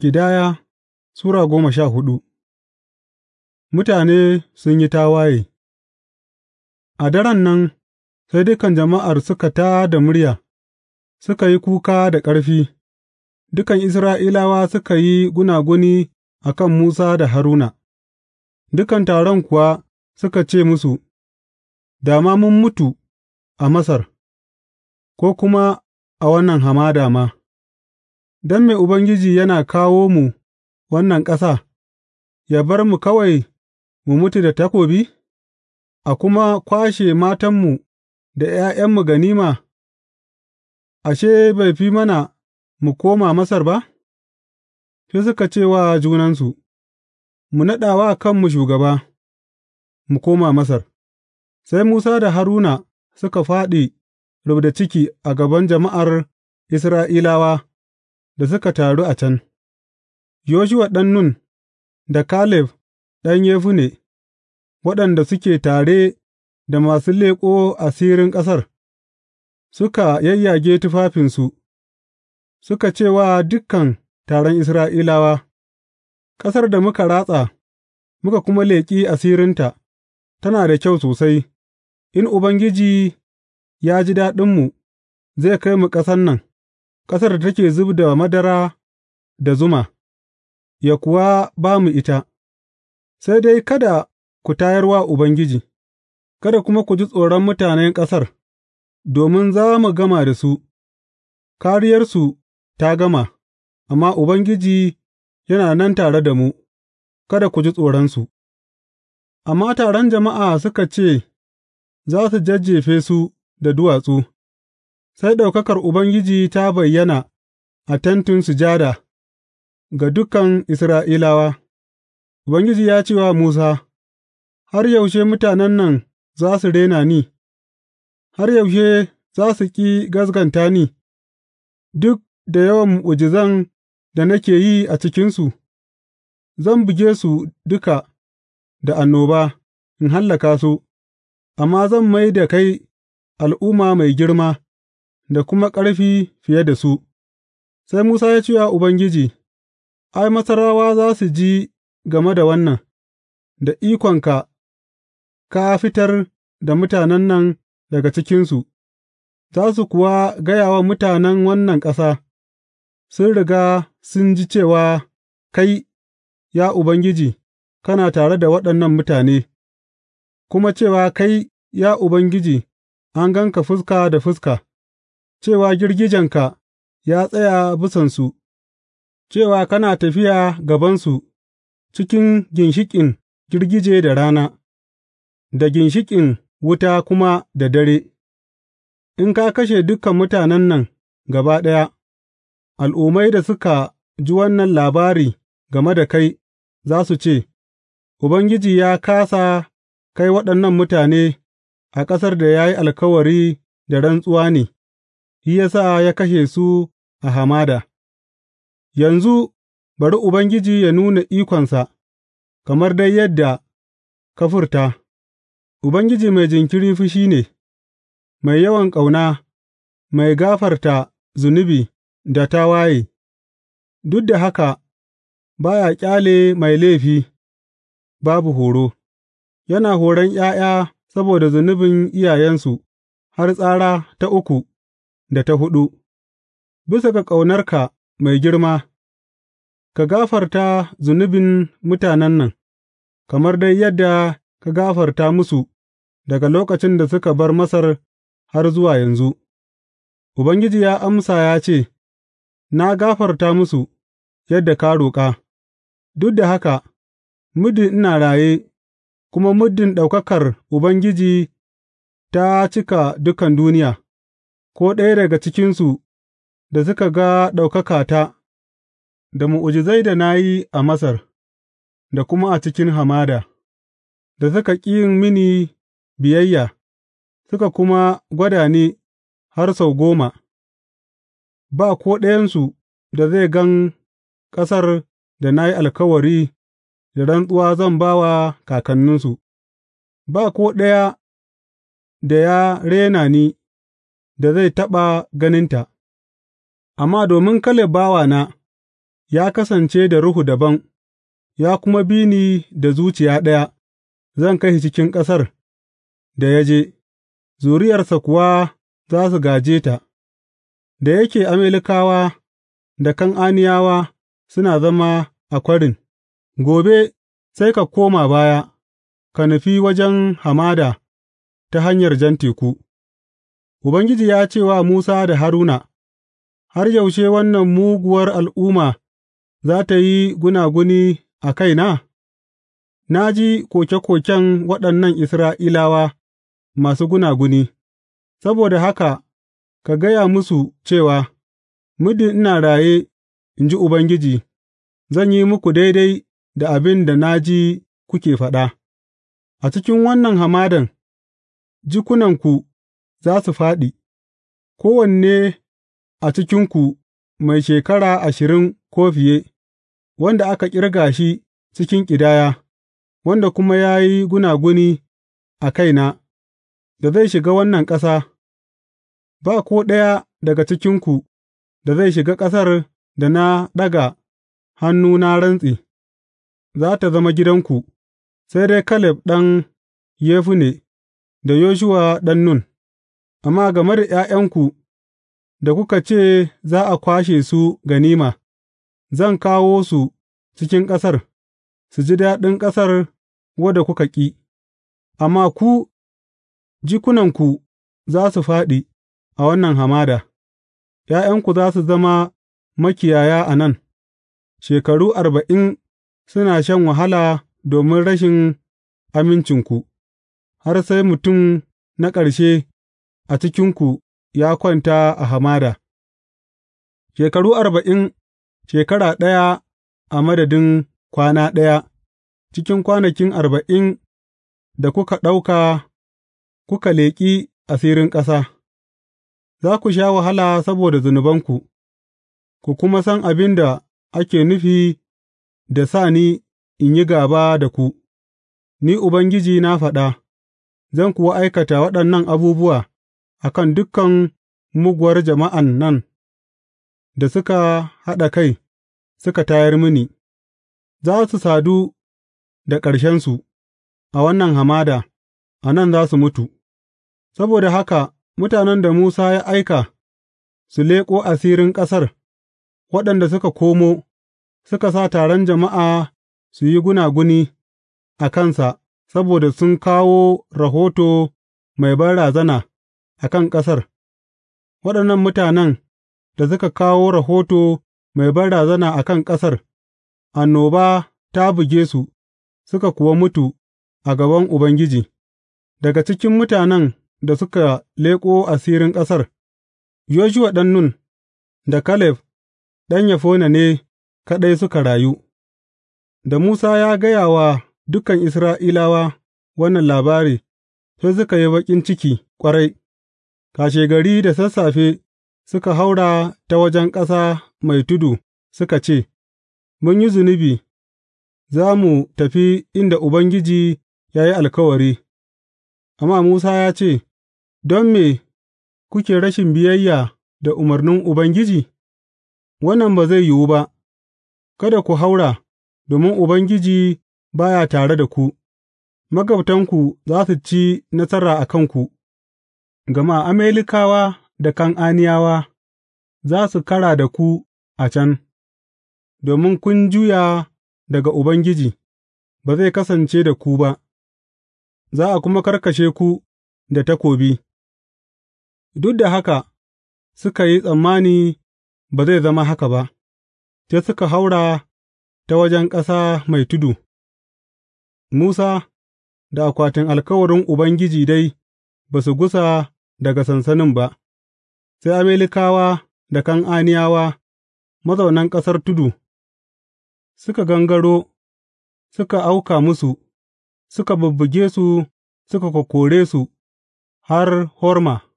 Kidaya, Sura goma sha hudu Mutane sun yi tawaye A daren nan, sai dukan jama'ar suka ta da murya, suka yi kuka da ƙarfi, dukan Isra'ilawa suka yi gunaguni a kan Musa da Haruna, dukan taron kuwa suka ce musu, 'Dama mun mutu a Masar, ko kuma a wannan hamada ma. Don me Ubangiji yana kawo mu wannan ƙasa, ya bar mu kawai mu mutu da takobi, a kuma kwashe matanmu da ’ya'yanmu ganima, ashe, bai fi mana mu koma Masar ba? Sai suka ce wa junansu, Mu naɗa wa kanmu shugaba, mu koma Masar. Sai Musa da Haruna suka fāɗi rubda ciki a gaban jama'ar Isra'ilawa. da suka taru a can, Yoshuwa ɗan Nun da Kaleb ɗan ne waɗanda suke tare da masu leƙo asirin ƙasar, suka yayyage tufafinsu, suka ce wa dukan taron Isra'ilawa, Ƙasar da muka ratsa, muka kuma leƙi asirinta, tana da kyau sosai, in Ubangiji ya ji daɗinmu, zai kai mu ƙasan nan. ƙasar da take zub da madara da zuma, ya kuwa ba mu ita, sai dai kada ku tayar wa Ubangiji, kada kuma ku ji tsoron mutanen ƙasar, domin za mu gama da su, Kariyarsu ta gama, amma Ubangiji yana nan tare da mu, kada ku ji tsoronsu. Amma taron jama'a suka ce za su jajjefe su da duwatsu. Sai ɗaukakar Ubangiji ta bayyana a Tentin Sujada ga dukan Isra'ilawa, Ubangiji ya ce wa Musa, Har yaushe mutanen nan za su rena ni, har yaushe za su ƙi gaskanta ni, duk da yawan mu'ujizan da nake yi a cikinsu, zan buge su duka da annoba in hallaka su, amma zan mai da kai al'umma mai girma. da kuma ƙarfi fiye da su, sai Musa ya ce wa Ubangiji, Ai, Masarawa za su ji game da wannan, da ikonka ka fitar da mutanen nan daga cikinsu, za su kuwa gaya wa mutanen wannan ƙasa, sun riga sun ji cewa kai, ya Ubangiji, kana tare da waɗannan mutane, kuma cewa kai, ya Ubangiji, an ganka fuska da fuska. cewa girgijenka ya tsaya bisansu, cewa kana tafiya gabansu cikin ginshiƙin girgije da rana, da ginshiƙin wuta kuma da dare, in ka kashe dukan mutanen nan gaba ɗaya, al'ummai da suka ji wannan labari game da kai za su ce, Ubangiji ya kāsa kai waɗannan mutane a ƙasar da ya yi alkawari da rantsuwa ne. shi ya sa ya kashe su a hamada, yanzu bari Ubangiji ya nuna ikonsa, kamar dai yadda ka furta, Ubangiji mai jinkiri fushi ne, mai yawan ƙauna, mai gafarta zunubi da ta waye. duk da haka ba ya ƙyale mai laifi babu horo, yana horon ’ya'ya saboda zunubin iyayensu har tsara ta uku. da ta huɗu Bisa ga ƙaunarka mai girma, ka gafarta zunubin mutanen nan, kamar dai yadda ka gafarta musu daga lokacin da suka bar Masar har zuwa yanzu. Ubangiji ya amsa ya ce, Na gafarta musu yadda ka roƙa, duk da haka, muddin ina raye, kuma muddin ɗaukakar Ubangiji ta cika dukan duniya. ko ɗaya daga cikinsu da suka ga ɗaukakata, da mu'ujizai da na yi a Masar, da kuma a cikin hamada, da suka ƙi yin mini biyayya, suka kuma gwada ni har sau goma, ba ko ɗayansu da zai gan ƙasar da na yi alkawari da rantsuwa zan ba wa kakanninsu, ba ko ɗaya da ya rena ni. da zai taɓa ganinta, amma domin Kaleb bawana ya kasance da ruhu dabam, ya kuma bi ni da zuciya ɗaya, zan kai cikin ƙasar da ya je, zuriyarsa kuwa za su gaje ta, da yake Amalekawa da Kan'aniyawa suna zama a kwarin, gobe sai ka koma baya, ka nufi wajen hamada ta hanyar Jan Teku. Ubangiji ya ce wa Musa da Haruna, Har yaushe wannan muguwar al'umma za tă yi gunaguni a kaina? Na ji koke koken waɗannan Isra'ilawa masu gunaguni, saboda haka ka gaya musu cewa, Muddin ina raye, in ji Ubangiji, zan yi muku daidai da abin da na ji kuke faɗa, a cikin wannan hamadan, jikunanku. za su fāɗi, kowanne a cikinku mai shekara ashirin ko fiye, wanda aka ƙirga shi cikin ƙidaya, wanda kuma ya yi gunaguni a kaina, da zai shiga wannan ƙasa, ba ko ɗaya daga cikinku da zai shiga ƙasar da na ɗaga hannu na rantse, za ta zama gidanku, sai dai Kaleb ɗan Yefune da Yoshuwa ɗan Nun. Amma game da ’ya'yanku da kuka ce za a kwashe su ganima, zan kawo su cikin ƙasar, su ji daɗin ƙasar wadda kuka ƙi, amma ku, jikunanku za su fāɗi a wannan hamada, ’ya'yanku za su zama makiyaya a nan, shekaru arba'in suna shan wahala domin rashin amincinku, har sai mutum na ƙarshe a cikinku ya kwanta a hamada, shekaru arba'in, shekara ɗaya a madadin kwana ɗaya, cikin kwanakin arba'in da kuka ɗauka kuka leƙi asirin ƙasa, za ku sha wahala saboda zunubanku, ku kuma san abin da ake nufi da sa ni in yi gaba da ku, ni Ubangiji na faɗa, zan kuwa aikata waɗannan abubuwa. a kan dukan muguwar jama'an nan da suka haɗa kai suka tayar mini, za su sadu da ƙarshensu a wannan hamada, a nan za su mutu, saboda haka mutanen da Musa ya aika su leƙo asirin ƙasar, waɗanda suka komo, suka sa taron jama'a su yi gunaguni a kansa saboda sun kawo rahoto mai banrazana. a kan ƙasar, waɗannan mutanen da suka kawo rahoto mai barazana a kan ƙasar, annoba ta buge su, suka kuwa mutu a gaban Ubangiji, daga cikin mutanen da suka leƙo asirin ƙasar, Yoshuwa ɗan Nun da Kaleb ɗan yafona ne kaɗai suka rayu. Da Musa ya gaya wa dukan Isra'ilawa wannan labari, sai suka yi baƙin ciki ƙwarai. Kashegari da sassafe suka haura ta wajen ƙasa mai tudu suka ce, Mun yi zunubi, za mu tafi inda Ubangiji ya yi alkawari, amma Musa ya ce, Don me kuke rashin biyayya da umarnin Ubangiji, wannan ba zai yiwu ba, kada ku haura, domin Ubangiji baya tare da ku, magabtanku za su ci nasara a kanku. gama Amalekawa da Kan'aniyawa za su kara da ku a can, domin kun juya daga Ubangiji, ba zai kasance da ku ba, za a kuma karkashe ku da takobi, duk da haka suka yi tsammani ba zai zama haka ba, sai suka haura ta wajen ƙasa mai tudu, Musa da akwatin alkawarin Ubangiji dai ba su gusa. daga sansanin ba, sai Amalekawa da Kan'aniyawa, mazaunan ƙasar tudu, suka gangaro, suka auka musu, suka bubbuge su, suka kokkore su har Horma.